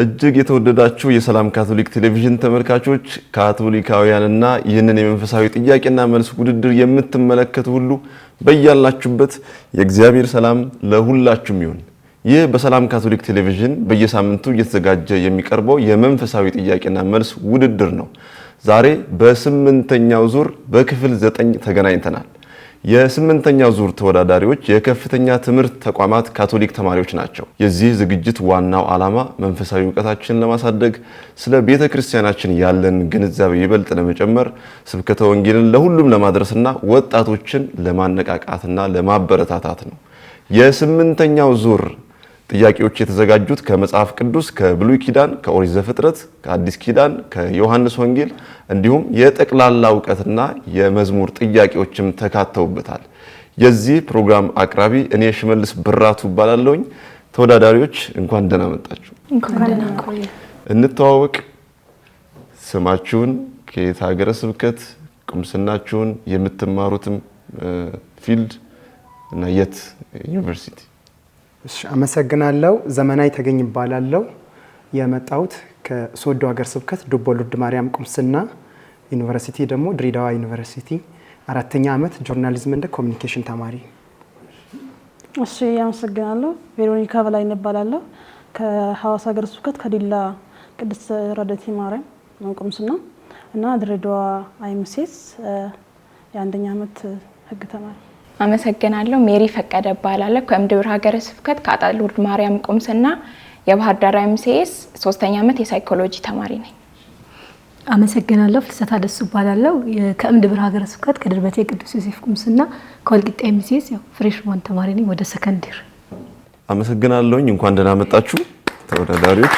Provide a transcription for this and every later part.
እጅግ የተወደዳችሁ የሰላም ካቶሊክ ቴሌቪዥን ተመልካቾች፣ ካቶሊካውያንና ይህንን የመንፈሳዊ ጥያቄና መልስ ውድድር የምትመለከቱ ሁሉ በያላችሁበት የእግዚአብሔር ሰላም ለሁላችሁም ይሁን። ይህ በሰላም ካቶሊክ ቴሌቪዥን በየሳምንቱ እየተዘጋጀ የሚቀርበው የመንፈሳዊ ጥያቄና መልስ ውድድር ነው። ዛሬ በስምንተኛው ዙር በክፍል ዘጠኝ ተገናኝተናል። የስምንተኛ ዙር ተወዳዳሪዎች የከፍተኛ ትምህርት ተቋማት ካቶሊክ ተማሪዎች ናቸው። የዚህ ዝግጅት ዋናው ዓላማ መንፈሳዊ እውቀታችንን ለማሳደግ፣ ስለ ቤተ ክርስቲያናችን ያለን ግንዛቤ ይበልጥ ለመጨመር፣ ስብከተ ወንጌልን ለሁሉም ለማድረስና ወጣቶችን ለማነቃቃትና ለማበረታታት ነው። የስምንተኛው ዙር ጥያቄዎች የተዘጋጁት ከመጽሐፍ ቅዱስ ከብሉይ ኪዳን ከኦሪት ዘፍጥረት ከአዲስ ኪዳን ከዮሐንስ ወንጌል እንዲሁም የጠቅላላ እውቀትና የመዝሙር ጥያቄዎችም ተካተውበታል። የዚህ ፕሮግራም አቅራቢ እኔ ሽመልስ ብራቱ እባላለሁኝ። ተወዳዳሪዎች እንኳን ደህና መጣችሁ። እንተዋወቅ። ስማችሁን፣ ከየት ሀገረ ስብከት፣ ቁምስናችሁን፣ የምትማሩትም ፊልድ እና የት ዩኒቨርሲቲ አመሰግናለሁ። ዘመናዊ ተገኝ ይባላለሁ። የመጣሁት ከሶዶ ሀገር ስብከት ዱቦ ሉድ ማርያም ቁምስና ዩኒቨርሲቲ ደግሞ ድሬዳዋ ዩኒቨርሲቲ አራተኛ ዓመት ጆርናሊዝም እንደ ኮሚኒኬሽን ተማሪ። እሺ አመሰግናለሁ። ቬሮኒካ በላይ እንባላለሁ ከሀዋሳ ሀገር ስብከት ከዲላ ቅድስት ረደቲ ማርያም ቁምስና እና ድሬዳዋ አይምሴስ የአንደኛ ዓመት ህግ ተማሪ አመሰግናለሁ። ሜሪ ፈቀደ እባላለሁ። ከእምድብር ሀገረ ስብከት ከአጣ ልውርድ ማርያም ቁምስና የባህር ዳር ኤምሲኤስ ሶስተኛ ዓመት የሳይኮሎጂ ተማሪ ነኝ። አመሰግናለሁ። ፍልሰታ ደሱ እባላለሁ። ከእምድብር ሀገረ ስብከት ከድርበቴ ቅዱስ ዮሴፍ ቁምስና ከወልቂጤ ኤምሲኤስ ፍሬሽ ፍሬሽማን ተማሪ ነኝ። ወደ ሰከንድር። አመሰግናለሁኝ። እንኳን ደህና መጣችሁ ተወዳዳሪዎች።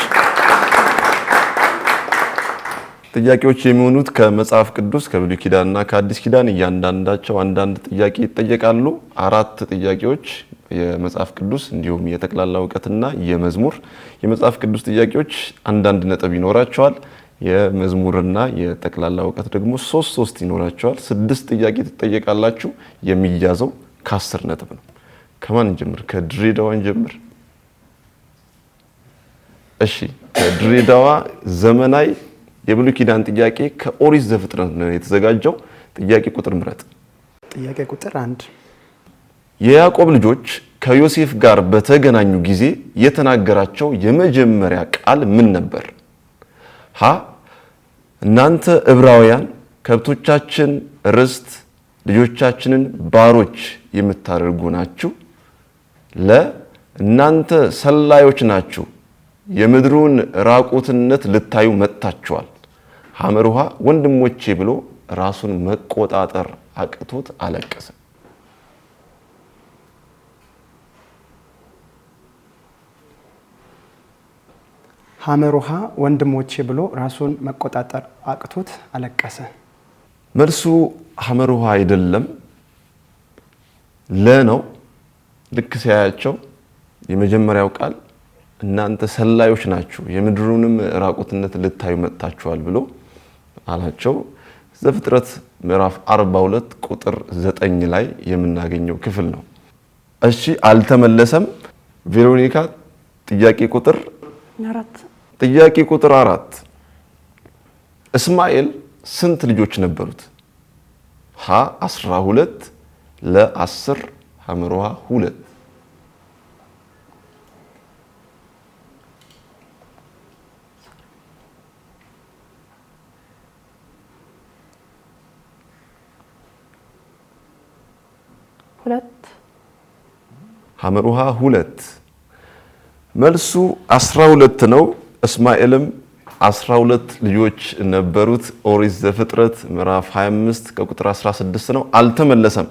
ጥያቄዎች የሚሆኑት ከመጽሐፍ ቅዱስ ከብሉይ ኪዳን እና ከአዲስ ኪዳን እያንዳንዳቸው አንዳንድ ጥያቄ ይጠየቃሉ። አራት ጥያቄዎች የመጽሐፍ ቅዱስ እንዲሁም የጠቅላላ እውቀትና የመዝሙር የመጽሐፍ ቅዱስ ጥያቄዎች አንዳንድ ነጥብ ይኖራቸዋል። የመዝሙርና የጠቅላላ እውቀት ደግሞ ሶስት ሶስት ይኖራቸዋል። ስድስት ጥያቄ ትጠየቃላችሁ። የሚያዘው ከአስር ነጥብ ነው። ከማን ጀምር? ከድሬዳዋ እንጀምር። እሺ፣ ከድሬዳዋ ዘመናዊ የብሉይ ኪዳን ጥያቄ ከኦሪት ዘፍጥረት ነው የተዘጋጀው። ጥያቄ ቁጥር ምረጥ። ጥያቄ ቁጥር አንድ የያዕቆብ ልጆች ከዮሴፍ ጋር በተገናኙ ጊዜ የተናገራቸው የመጀመሪያ ቃል ምን ነበር? ሀ እናንተ ዕብራውያን ከብቶቻችን ርስት ልጆቻችንን ባሮች የምታደርጉ ናችሁ። ለ እናንተ ሰላዮች ናችሁ፣ የምድሩን ራቁትነት ልታዩ መጥታችኋል። ሐመር ውሃ ወንድሞቼ ብሎ ራሱን መቆጣጠር አቅቶት አለቀሰ። ሐመር ውሃ ወንድሞቼ ብሎ ራሱን መቆጣጠር አቅቶት አለቀሰ። መልሱ ሐመር ውሃ አይደለም፣ ለ ነው። ልክ ሲያያቸው የመጀመሪያው ቃል እናንተ ሰላዮች ናችሁ፣ የምድሩንም ራቁትነት ልታዩ መጥታችኋል ብሎ አላቸው። ዘፍጥረት ምዕራፍ 42 ቁጥር 9 ላይ የምናገኘው ክፍል ነው። እሺ አልተመለሰም። ቬሮኒካ ጥያቄ ቁጥር ጥያቄ ቁጥር አራት እስማኤል ስንት ልጆች ነበሩት? ሀ 12 ለ10 ሐመር 2 ሁለት ሐመር ውሃ ሁለት መልሱ አስራ ሁለት ነው። እስማኤልም አስራ ሁለት ልጆች ነበሩት። ኦሪት ዘፍጥረት ምዕራፍ 25 ከቁጥር 16 ነው። አልተመለሰም።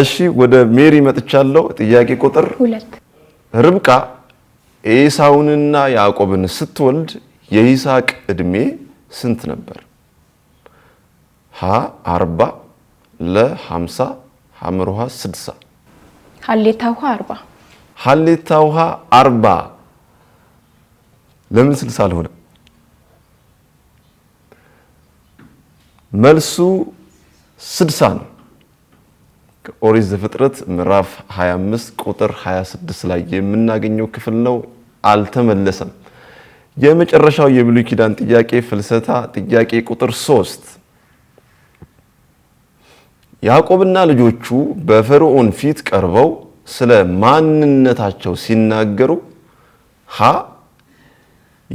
እሺ ወደ ሜሪ መጥቻለሁ። ጥያቄ ቁጥር ሁለት ርብቃ ኤሳውንና ያዕቆብን ስትወልድ የይስሐቅ ዕድሜ ስንት ነበር? ሀ 40 ለ 50 ሐመር ውሃ 60 ሀሌታ ውሃ 40 ሀሌታ ውሃ 40 ለምን 60 አልሆነ? መልሱ 60 ነው። ኦሪት ዘፍጥረት ምዕራፍ 25 ቁጥር 26 ላይ የምናገኘው ክፍል ነው። አልተመለሰም። የመጨረሻው የብሉይ ኪዳን ጥያቄ ፍልሰታ ጥያቄ ቁጥር 3 ያዕቆብና ልጆቹ በፈርዖን ፊት ቀርበው ስለ ማንነታቸው ሲናገሩ ሀ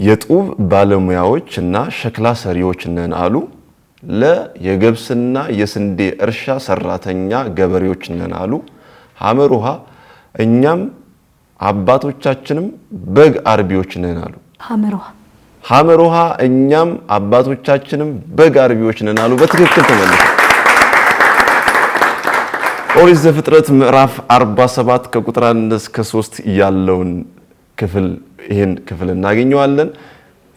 የጡብ ባለሙያዎች እና ሸክላ ሰሪዎች ነን አሉ። ለ የገብስና የስንዴ እርሻ ሰራተኛ ገበሬዎች ነን አሉ። ሐመር ውሃ እኛም አባቶቻችንም በግ አርቢዎች ነን አሉ። ሐመር ውሃ እኛም አባቶቻችንም በግ አርቢዎች ነን አሉ። በትክክል ተመልሰ ኦሪት ዘፍጥረት ምዕራፍ 47 ከቁጥር 1 እስከ 3 ያለውን ክፍል ይህን ክፍል እናገኘዋለን።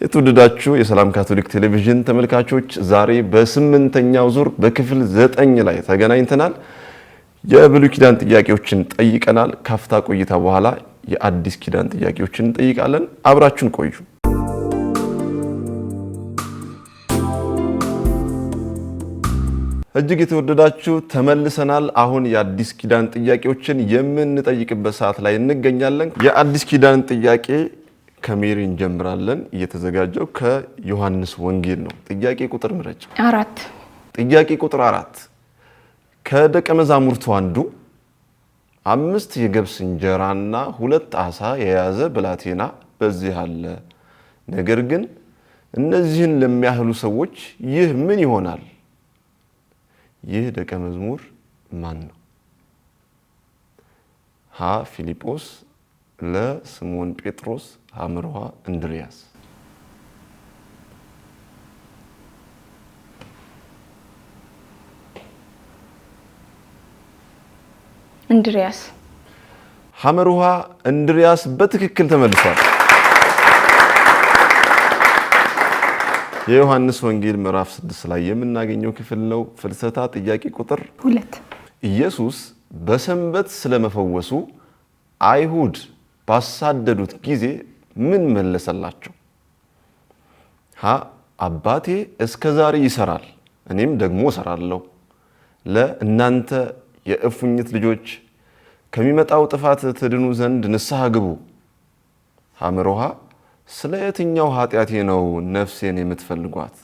የተወደዳችሁ የሰላም ካቶሊክ ቴሌቪዥን ተመልካቾች ዛሬ በስምንተኛው ዙር በክፍል ዘጠኝ ላይ ተገናኝተናል። የብሉይ ኪዳን ጥያቄዎችን ጠይቀናል። ካፍታ ቆይታ በኋላ የአዲስ ኪዳን ጥያቄዎችን እንጠይቃለን። አብራችሁን ቆዩ። እጅግ የተወደዳችሁ ተመልሰናል። አሁን የአዲስ ኪዳን ጥያቄዎችን የምንጠይቅበት ሰዓት ላይ እንገኛለን። የአዲስ ኪዳን ጥያቄ ከሜሪ እንጀምራለን። እየተዘጋጀው ከዮሐንስ ወንጌል ነው። ጥያቄ ቁጥር ምረጭ አራት ጥያቄ ቁጥር አራት ከደቀ መዛሙርቱ አንዱ አምስት የገብስ እንጀራና ሁለት ዓሣ የያዘ ብላቴና በዚህ አለ። ነገር ግን እነዚህን ለሚያህሉ ሰዎች ይህ ምን ይሆናል ይህ ደቀ መዝሙር ማን ነው? ሀ ፊልጶስ፣ ለ ስምዖን ጴጥሮስ፣ ሐመርሃ እንድርያስ። እንድርያስ። ሐመርሃ እንድርያስ በትክክል ተመልሷል። የዮሐንስ ወንጌል ምዕራፍ 6 ላይ የምናገኘው ክፍል ነው። ፍልሰታ ጥያቄ ቁጥር ሁለት ኢየሱስ በሰንበት ስለመፈወሱ አይሁድ ባሳደዱት ጊዜ ምን መለሰላቸው? ሀ አባቴ እስከ ዛሬ ይሰራል፣ እኔም ደግሞ እሰራለሁ። ለ እናንተ የእፉኝት ልጆች ከሚመጣው ጥፋት ትድኑ ዘንድ ንስሐ ግቡ። ሐመሮሃ ስለ የትኛው ኃጢአቴ ነው ነፍሴን የምትፈልጓት?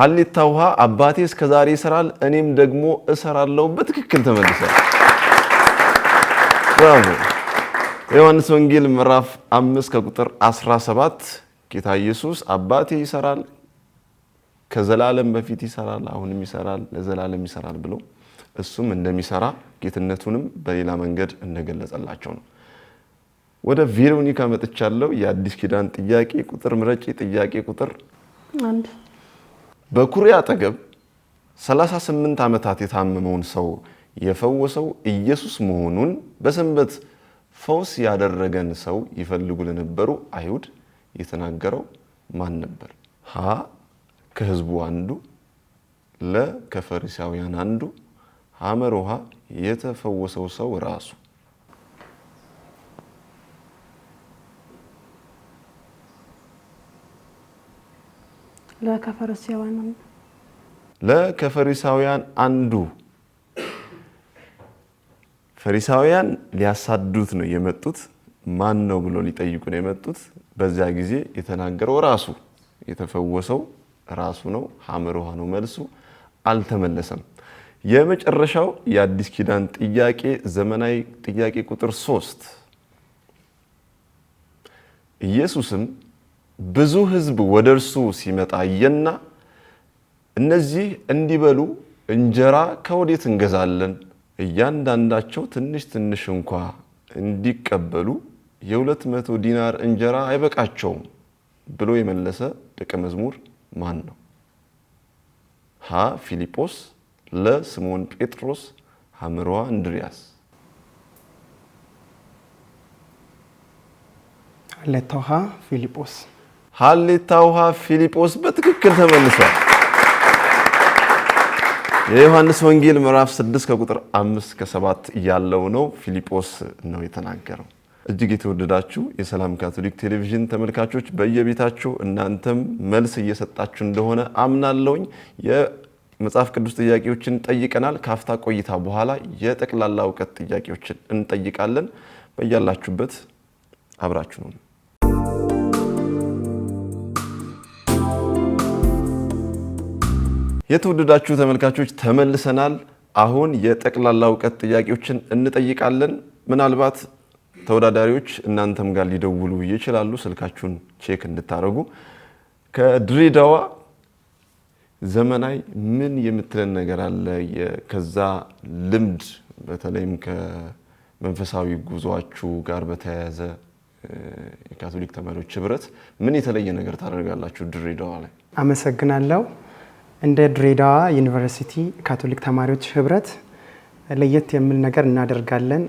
ሀሊታ ውሃ አባቴ እስከ ዛሬ ይሰራል፣ እኔም ደግሞ እሰራለሁ። በትክክል ተመልሰል። ዮሐንስ ወንጌል ምዕራፍ አምስት ከቁጥር 17 ጌታ ኢየሱስ አባቴ ይሰራል፣ ከዘላለም በፊት ይሰራል፣ አሁንም ይሰራል፣ ለዘላለም ይሰራል ብሎ እሱም እንደሚሰራ ጌትነቱንም በሌላ መንገድ እንደገለጸላቸው ነው። ወደ ቬሮኒካ መጥቻለሁ። የአዲስ ኪዳን ጥያቄ ቁጥር ምረጭ። ጥያቄ ቁጥር አንድ በኩሬ አጠገብ 38 ዓመታት የታመመውን ሰው የፈወሰው ኢየሱስ መሆኑን በሰንበት ፈውስ ያደረገን ሰው ይፈልጉ ለነበሩ አይሁድ የተናገረው ማን ነበር? ሀ ከህዝቡ አንዱ፣ ለ ከፈሪሳውያን አንዱ ሐመር ውሃ የተፈወሰው ሰው ራሱ ለከፈሪሳውያን አንዱ ፈሪሳውያን ሊያሳዱት ነው የመጡት። ማን ነው ብሎ ሊጠይቁ ነው የመጡት። በዚያ ጊዜ የተናገረው ራሱ የተፈወሰው ራሱ ነው። ሐመር ውሃ ነው መልሱ። አልተመለሰም። የመጨረሻው የአዲስ ኪዳን ጥያቄ ዘመናዊ ጥያቄ ቁጥር ሶስት ኢየሱስም ብዙ ሕዝብ ወደ እርሱ ሲመጣ አየና እነዚህ እንዲበሉ እንጀራ ከወዴት እንገዛለን? እያንዳንዳቸው ትንሽ ትንሽ እንኳ እንዲቀበሉ የሁለት መቶ ዲናር እንጀራ አይበቃቸውም ብሎ የመለሰ ደቀ መዝሙር ማን ነው? ሀ ፊልጶስ ለስምዖን ጴጥሮስ ሐመሮዋ እንድሪያስ ሀሌታ ውሃ ፊልጶስ ሀሌታ ውሃ ፊልጶስ በትክክል ተመልሷል። የዮሐንስ ወንጌል ምዕራፍ 6 ከቁጥር 5 ከ7 ያለው ነው። ፊልጶስ ነው የተናገረው። እጅግ የተወደዳችሁ የሰላም ካቶሊክ ቴሌቪዥን ተመልካቾች በየቤታችሁ እናንተም መልስ እየሰጣችሁ እንደሆነ አምናለሁኝ። መጽሐፍ ቅዱስ ጥያቄዎችን ጠይቀናል። ካፍታ ቆይታ በኋላ የጠቅላላ እውቀት ጥያቄዎችን እንጠይቃለን። በያላችሁበት አብራችሁ ነው። የተወደዳችሁ ተመልካቾች ተመልሰናል። አሁን የጠቅላላ እውቀት ጥያቄዎችን እንጠይቃለን። ምናልባት ተወዳዳሪዎች እናንተም ጋር ሊደውሉ ይችላሉ። ስልካችሁን ቼክ እንድታደርጉ ከድሬዳዋ ዘመናዊ ምን የምትለን ነገር አለ? ከዛ ልምድ በተለይም ከመንፈሳዊ ጉዟችሁ ጋር በተያያዘ የካቶሊክ ተማሪዎች ህብረት ምን የተለየ ነገር ታደርጋላችሁ ድሬዳዋ ላይ? አመሰግናለሁ። እንደ ድሬዳዋ ዩኒቨርሲቲ ካቶሊክ ተማሪዎች ህብረት ለየት የሚል ነገር እናደርጋለን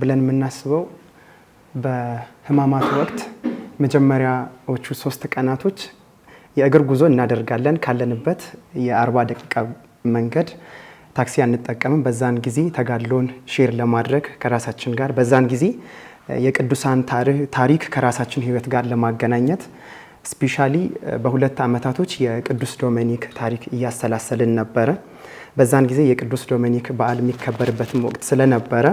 ብለን የምናስበው በህማማት ወቅት መጀመሪያዎቹ ሶስት ቀናቶች የእግር ጉዞ እናደርጋለን። ካለንበት የአርባ ደቂቃ መንገድ ታክሲ አንጠቀምም። በዛን ጊዜ ተጋድሎን ሼር ለማድረግ ከራሳችን ጋር በዛን ጊዜ የቅዱሳን ታሪክ ከራሳችን ህይወት ጋር ለማገናኘት ስፔሻሊ በሁለት ዓመታቶች የቅዱስ ዶሜኒክ ታሪክ እያሰላሰልን ነበረ። በዛን ጊዜ የቅዱስ ዶሜኒክ በዓል የሚከበርበትም ወቅት ስለነበረ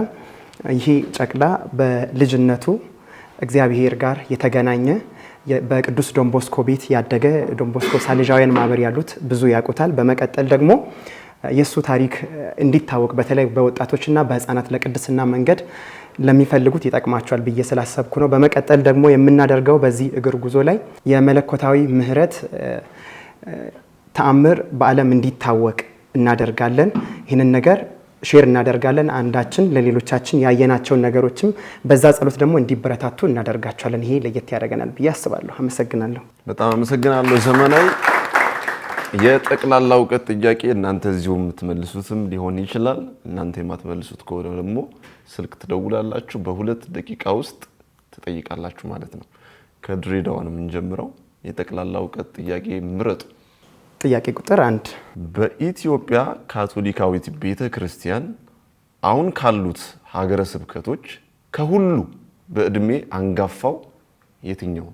ይሄ ጨቅላ በልጅነቱ እግዚአብሔር ጋር የተገናኘ በቅዱስ ዶንቦስኮ ቤት ያደገ ዶንቦስኮ ሳልዣውያን ማህበር ያሉት ብዙ ያውቁታል። በመቀጠል ደግሞ የእሱ ታሪክ እንዲታወቅ በተለይ በወጣቶችና በህፃናት ለቅድስና መንገድ ለሚፈልጉት ይጠቅማቸዋል ብዬ ስላሰብኩ ነው። በመቀጠል ደግሞ የምናደርገው በዚህ እግር ጉዞ ላይ የመለኮታዊ ምህረት ተአምር በዓለም እንዲታወቅ እናደርጋለን። ይህንን ነገር ሼር እናደርጋለን። አንዳችን ለሌሎቻችን ያየናቸውን ነገሮችም በዛ ጸሎት ደግሞ እንዲበረታቱ እናደርጋቸዋለን። ይሄ ለየት ያደርገናል ብዬ አስባለሁ። አመሰግናለሁ። በጣም አመሰግናለሁ። ዘመናዊ የጠቅላላ እውቀት ጥያቄ እናንተ እዚሁ የምትመልሱትም ሊሆን ይችላል። እናንተ የማትመልሱት ከሆነ ደግሞ ስልክ ትደውላላችሁ፣ በሁለት ደቂቃ ውስጥ ትጠይቃላችሁ ማለት ነው። ከድሬዳዋ ነው የምንጀምረው። የጠቅላላ እውቀት ጥያቄ ምረጡ። ጥያቄ ቁጥር አንድ በኢትዮጵያ ካቶሊካዊት ቤተ ክርስቲያን አሁን ካሉት ሀገረ ስብከቶች ከሁሉ በዕድሜ አንጋፋው የትኛው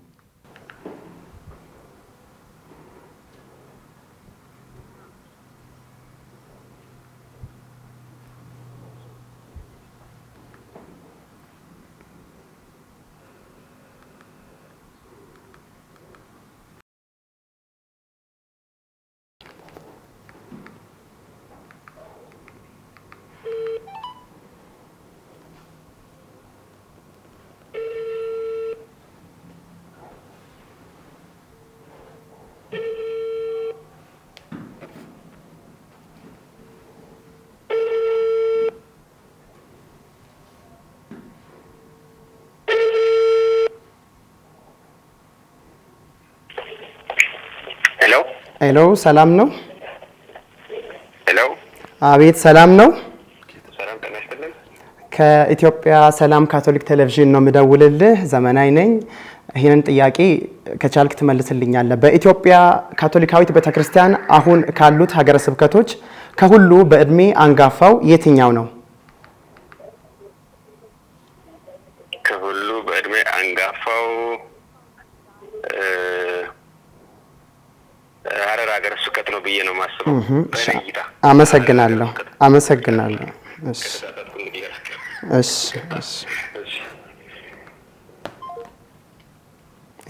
ሄሎ፣ ሰላም ነው? ሄሎ። አቤት፣ ሰላም ነው? ከኢትዮጵያ ሰላም ካቶሊክ ቴሌቪዥን ነው የምደውልልህ። ዘመናዊ ነኝ። ይህንን ጥያቄ ከቻልክ ትመልስልኛለህ። በኢትዮጵያ ካቶሊካዊት ቤተክርስቲያን አሁን ካሉት ሀገረ ስብከቶች ከሁሉ በእድሜ አንጋፋው የትኛው ነው? አመሰግናለሁ። አመሰግናለሁ።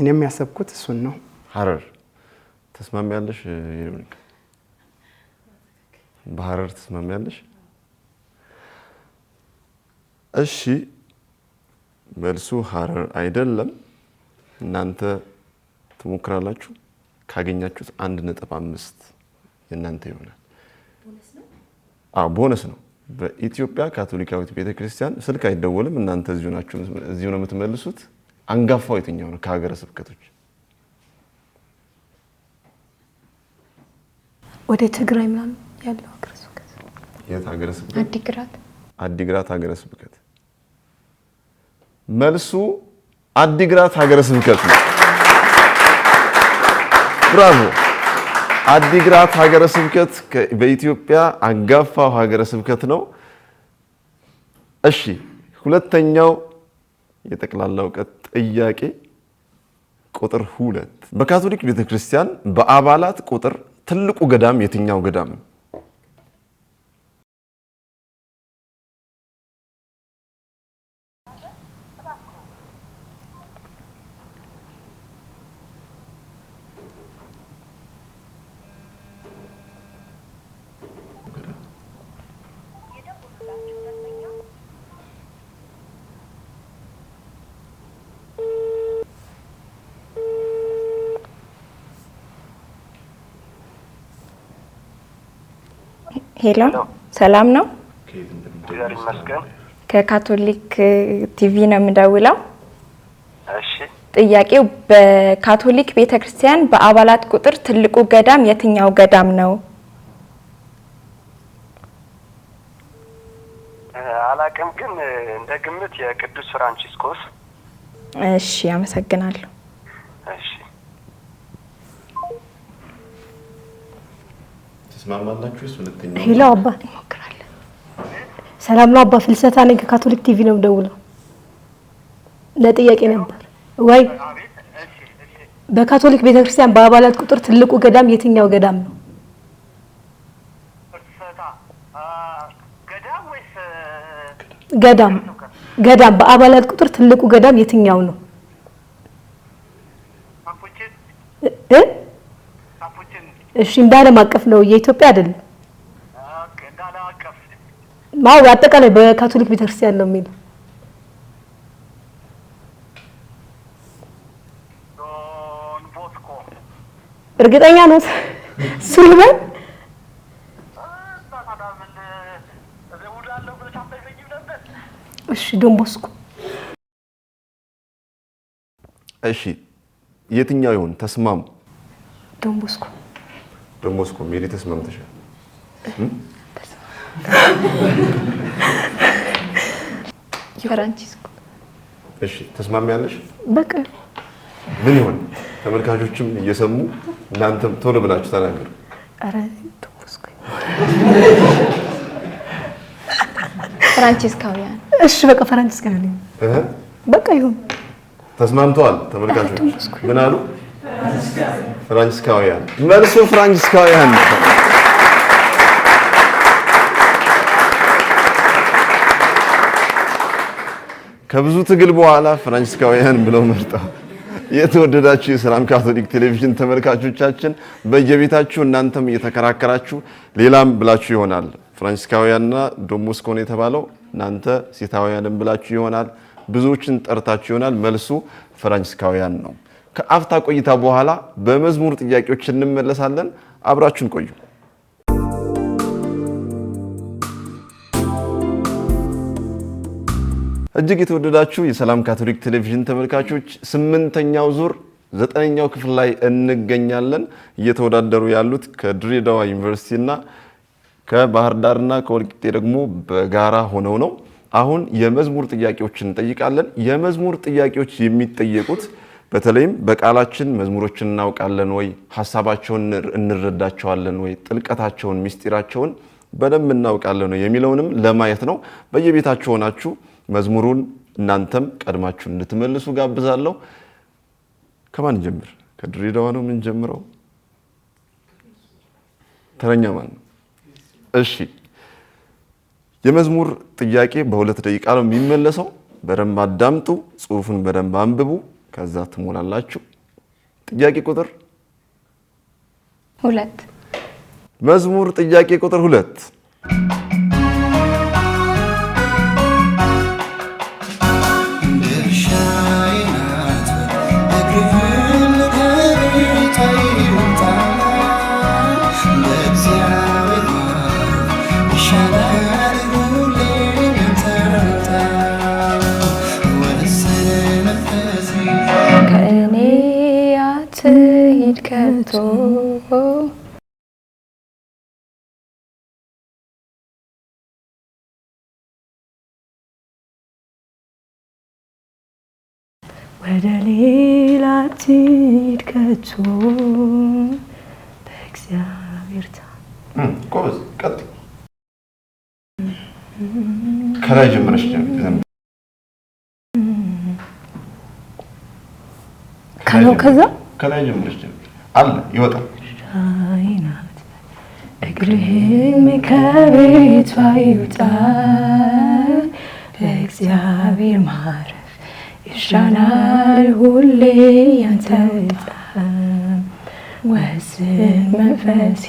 እኔም ያሰብኩት እሱን ነው። ሀረር ተስማሚያለሽ? በሀረር ተስማሚያለሽ? እሺ፣ መልሱ ሀረር አይደለም። እናንተ ትሞክራላችሁ ካገኛችሁት አንድ ነጥብ አምስት የእናንተ ይሆናል። ቦነስ ነው። በኢትዮጵያ ካቶሊካዊት ቤተክርስቲያን ስልክ አይደወልም። እናንተ እዚሁ ነው የምትመልሱት። አንጋፋው የትኛው ነው? ከሀገረ ስብከቶች ወደ ትግራይ ምናምን ያለው ሀገረ ስብከት የት ሀገረ ስብከት? አዲግራት አዲግራት ሀገረ ስብከት። መልሱ አዲግራት ሀገረ ስብከት ነው። ብራቮ አዲግራት ሀገረ ስብከት በኢትዮጵያ አንጋፋው ሀገረ ስብከት ነው። እሺ፣ ሁለተኛው የጠቅላላ እውቀት ጥያቄ ቁጥር ሁለት በካቶሊክ ቤተክርስቲያን በአባላት ቁጥር ትልቁ ገዳም የትኛው ገዳም ነው? ሄሎ፣ ሰላም ነው? ከካቶሊክ ቲቪ ነው የምደውለው። ጥያቄው በካቶሊክ ቤተ ክርስቲያን በአባላት ቁጥር ትልቁ ገዳም የትኛው ገዳም ነው? አላቅም፣ ግን እንደ ግምት የቅዱስ ፍራንቺስኮስ። እሺ፣ አመሰግናለሁ። እሺ ትስማማላችሁ? ሁለተኛው ሄሎ አባ እንሞክራለን። ሰላም ነው አባ ፍልሰታ ነኝ። ከካቶሊክ ቲቪ ነው ደውለው ለጥያቄ ነበር ወይ? በካቶሊክ ቤተክርስቲያን በአባላት ቁጥር ትልቁ ገዳም የትኛው ገዳም ነው? ገዳም ገዳም በአባላት ቁጥር ትልቁ ገዳም የትኛው ነው? እሺ እንደ ዓለም አቀፍ ነው የኢትዮጵያ አይደለም። ማው አጠቃላይ በካቶሊክ ቤተክርስቲያን ነው የሚለው። እርግጠኛ ነው ሱሊማን እሺ ዶን ቦስኮ እሺ የትኛው ይሁን ተስማሙ ዶን ቦስኮ ደግሞ እስኮ ሜሪ ተስማምተሻል። እሺ ተስማሚያለሽ? በቃ ምን ይሆን ተመልካቾችም እየሰሙ እናንተም ቶሎ ብላችሁ ተናገሩ። ፍራንቺስካውያን እሺ፣ በቃ ፍራንቺስካውያን እህ በቃ ይሁን። ተስማምተዋል። ተመልካቾች ምን አሉ? ፍራንሲስካውያን መልሱ ፍራንሲስካውያን ከብዙ ትግል በኋላ ፍራንሲስካውያን ብለው መርጠዋል። የተወደዳችሁ የሰላም ካቶሊክ ቴሌቪዥን ተመልካቾቻችን በየቤታችሁ እናንተም እየተከራከራችሁ ሌላም ብላችሁ ይሆናል። ፍራንሲስካውያንና ዶሞስኮን የተባለው እናንተ ሴታውያንም ብላችሁ ይሆናል። ብዙዎችን ጠርታችሁ ይሆናል። መልሱ ፍራንሲስካውያን ነው። ከአፍታ ቆይታ በኋላ በመዝሙር ጥያቄዎች እንመለሳለን። አብራችሁን ቆዩ። እጅግ የተወደዳችሁ የሰላም ካቶሊክ ቴሌቪዥን ተመልካቾች ስምንተኛው ዙር ዘጠነኛው ክፍል ላይ እንገኛለን። እየተወዳደሩ ያሉት ከድሬዳዋ እና ከባህር ዳርና ከወልቂጤ ደግሞ በጋራ ሆነው ነው። አሁን የመዝሙር ጥያቄዎችን እንጠይቃለን። የመዝሙር ጥያቄዎች የሚጠየቁት በተለይም በቃላችን መዝሙሮችን እናውቃለን ወይ፣ ሀሳባቸውን እንረዳቸዋለን ወይ፣ ጥልቀታቸውን ሚስጢራቸውን በደንብ እናውቃለን ወይ የሚለውንም ለማየት ነው። በየቤታችሁ ሆናችሁ መዝሙሩን እናንተም ቀድማችሁ እንድትመልሱ ጋብዛለሁ። ከማን ጀምር? ከድሬዳዋ ነው የምንጀምረው? ተረኛ ማን ነው? እሺ የመዝሙር ጥያቄ በሁለት ደቂቃ ነው የሚመለሰው። በደንብ አዳምጡ፣ ጽሑፉን በደንብ አንብቡ። ከዛ ትሞላላችሁ። ጥያቄ ቁጥር ሁለት መዝሙር ጥያቄ ቁጥር ሁለት ወደ ሌላ ትሂድ ከቶ በእግዚአብሔር ጎበዝ። ቀጥ ከላይ ጀምረሽ ከነው ከዛ ከላይ ጀምረሽ አለ ይወጣል እግርህም ከቤቷ ይውጣ በእግዚአብሔር ማረ ይሻላል ሁሌ ያንተ ጣዕም መንፈሴ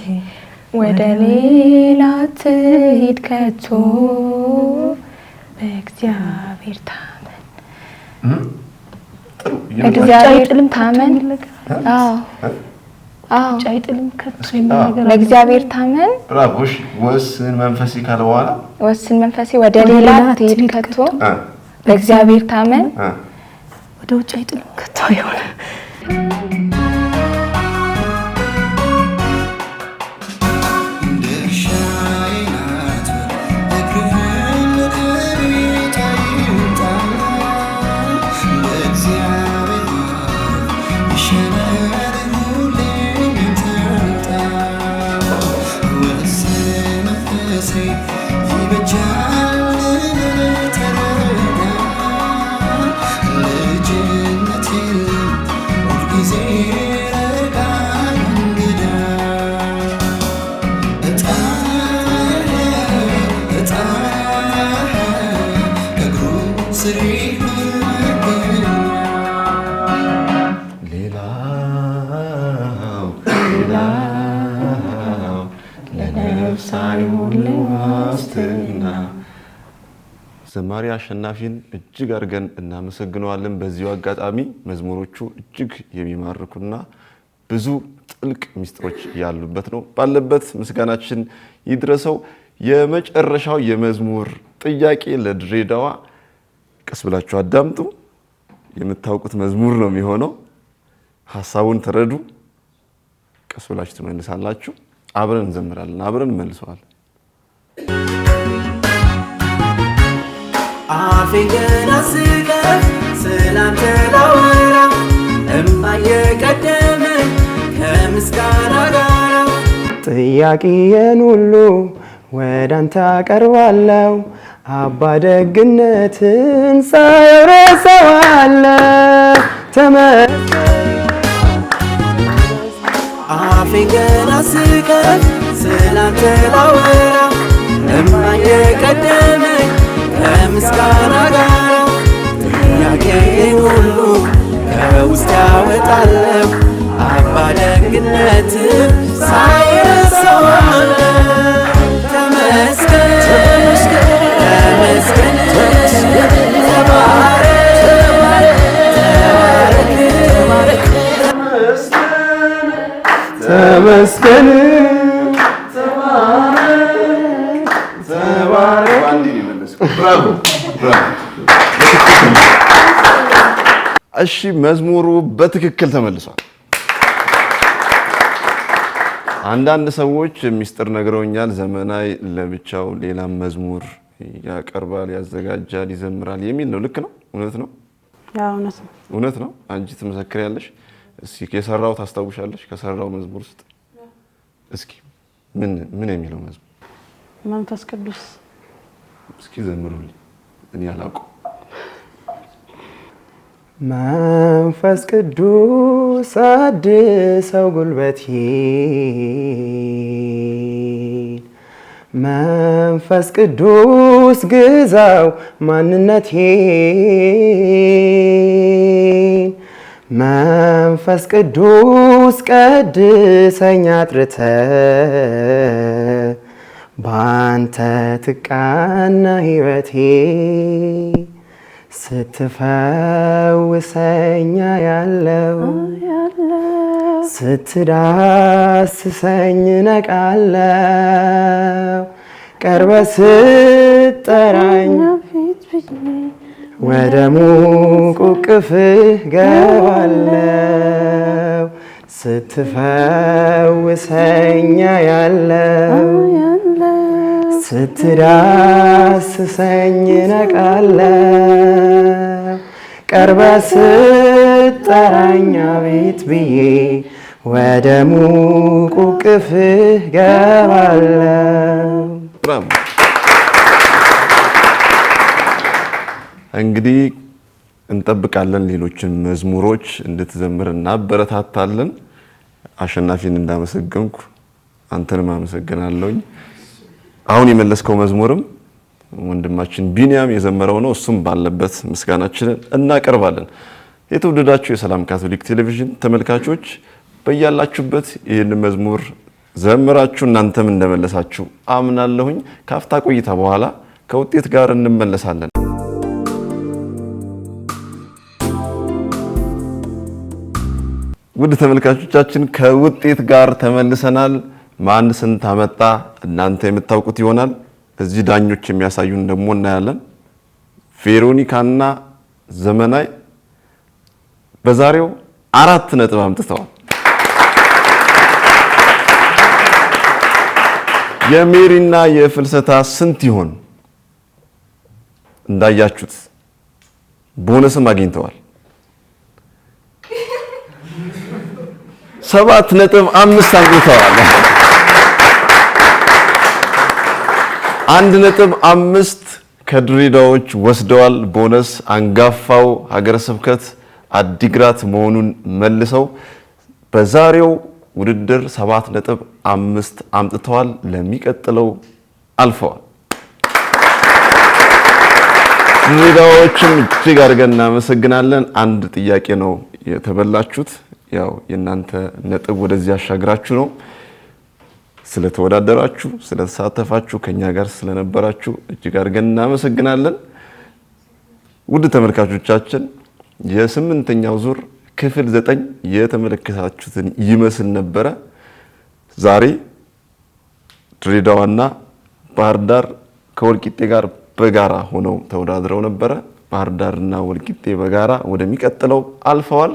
ወደ ሌላ ትሄድ ከቶ በእግዚአብሔር ታመን እግዚአብሔር ታመን ለእግዚአብሔር ታመን ወስን መንፈሴ ካለ በኋላ ወስን መንፈሴ ወደ ሌላ ትሄድ ከቶ በእግዚአብሔር ታመን ወደ ውጭ አይጥልም ከቶ የሆነ ዘማሪ አሸናፊን እጅግ አድርገን እናመሰግነዋለን። በዚሁ አጋጣሚ መዝሙሮቹ እጅግ የሚማርኩና ብዙ ጥልቅ ምስጢሮች ያሉበት ነው። ባለበት ምስጋናችን ይድረሰው። የመጨረሻው የመዝሙር ጥያቄ ለድሬዳዋ ቀስ ብላችሁ አዳምጡ። የምታውቁት መዝሙር ነው የሚሆነው። ሀሳቡን ተረዱ። ቀስ ብላችሁ ትመልሳላችሁ። አብረን እንዘምራለን፣ አብረን እንመልሰዋለን። አፌን ግን አስከፍ ስላንተ ላወራ እምባ የቀደመ ከምስጋና ጋራ ሁሉ ወደ አንተ አቀርባለሁ አባ ደግነትን ሳይረሳዋለ ተመ አፌን ስላንተ ከውስጥ ያወጣለው አባ ደግነት ሳይረሳዋለ ተመስገን ተመስገን እሺ መዝሙሩ በትክክል ተመልሷል። አንዳንድ ሰዎች ሚስጥር ነግረውኛል። ዘመናዊ ለብቻው ሌላ መዝሙር ያቀርባል፣ ያዘጋጃል፣ ይዘምራል የሚል ነው። ልክ ነው? እውነት ነው? እውነት ነው። አንቺ ትመሰክሪያለሽ። እስኪ የሰራው ታስታውሻለሽ? ከሰራው መዝሙር ውስጥ እስኪ ምን ምን የሚለው መዝሙር መንፈስ ቅዱስ እስኪ ዘምሩልኝ እኔ አላውቀውም መንፈስ ቅዱስ አድሰው ጉልበቴን፣ መንፈስ ቅዱስ ግዛው ማንነቴን፣ መንፈስ ቅዱስ ቀድሰኝ አጥርተ ባንተ ትቃና ሕይወቴ ስትፈውሰኛ ያለው ስትዳስሰኝ ነቃለው ቀርበ ስጠራኝ ወደ ሙቁ ቅፍህ ገባለው ስትፈውሰኛ ያለው ስትዳስሰኝ ነቃለሁ ቀርበ ስጠራኝ አቤት ብዬ ወደ ሙቁ ቅፍህ ገባለሁ። እንግዲህ እንጠብቃለን ሌሎችን መዝሙሮች እንድትዘምር እናበረታታለን። አሸናፊን እንዳመሰገንኩ አንተንም አመሰግናለሁኝ። አሁን የመለስከው መዝሙርም ወንድማችን ቢንያም የዘመረው ነው። እሱም ባለበት ምስጋናችንን እናቀርባለን። የተወደዳችሁ የሰላም ካቶሊክ ቴሌቪዥን ተመልካቾች በያላችሁበት ይህን መዝሙር ዘምራችሁ እናንተም እንደመለሳችሁ አምናለሁኝ። ካፍታ ቆይታ በኋላ ከውጤት ጋር እንመለሳለን። ውድ ተመልካቾቻችን ከውጤት ጋር ተመልሰናል። ማን ስንት አመጣ እናንተ የምታውቁት ይሆናል። እዚህ ዳኞች የሚያሳዩን ደግሞ እናያለን። ቬሮኒካና ዘመናይ በዛሬው አራት ነጥብ አምጥተዋል። የሜሪና የፍልሰታ ስንት ይሆን? እንዳያችሁት ቦነስም አግኝተዋል። ሰባት ነጥብ አምስት አግኝተዋል። አንድ ነጥብ አምስት ከድሬዳዎች ወስደዋል። ቦነስ አንጋፋው ሀገረ ስብከት አዲግራት መሆኑን መልሰው በዛሬው ውድድር ሰባት ነጥብ አምስት አምጥተዋል። ለሚቀጥለው አልፈዋል። ድሬዳዎችም እጅግ አድርገን እናመሰግናለን። አንድ ጥያቄ ነው የተበላችሁት። ያው የእናንተ ነጥብ ወደዚህ ያሻግራችሁ ነው። ስለተወዳደራችሁ፣ ስለተሳተፋችሁ፣ ከኛ ጋር ስለነበራችሁ እጅግ አድርገን እናመሰግናለን። ውድ ተመልካቾቻችን የስምንተኛው ዙር ክፍል ዘጠኝ የተመለከታችሁትን ይመስል ነበረ። ዛሬ ድሬዳዋና ባህር ዳር ከወልቂጤ ጋር በጋራ ሆነው ተወዳድረው ነበረ። ባህር ዳርና ወልቂጤ በጋራ ወደሚቀጥለው አልፈዋል።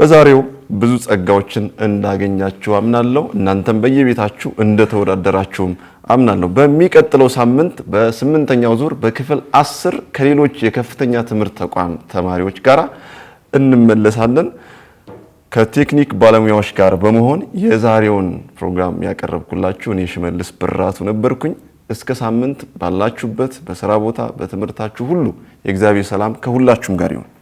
በዛሬው ብዙ ጸጋዎችን እንዳገኛችሁ አምናለሁ። እናንተም በየቤታችሁ እንደተወዳደራችሁም አምናለሁ። በሚቀጥለው ሳምንት በስምንተኛው ዙር በክፍል አስር ከሌሎች የከፍተኛ ትምህርት ተቋም ተማሪዎች ጋር እንመለሳለን። ከቴክኒክ ባለሙያዎች ጋር በመሆን የዛሬውን ፕሮግራም ያቀረብኩላችሁ እኔ ሽመልስ ብራቱ ነበርኩኝ። እስከ ሳምንት ባላችሁበት በስራ ቦታ በትምህርታችሁ ሁሉ የእግዚአብሔር ሰላም ከሁላችሁም ጋር ይሁን።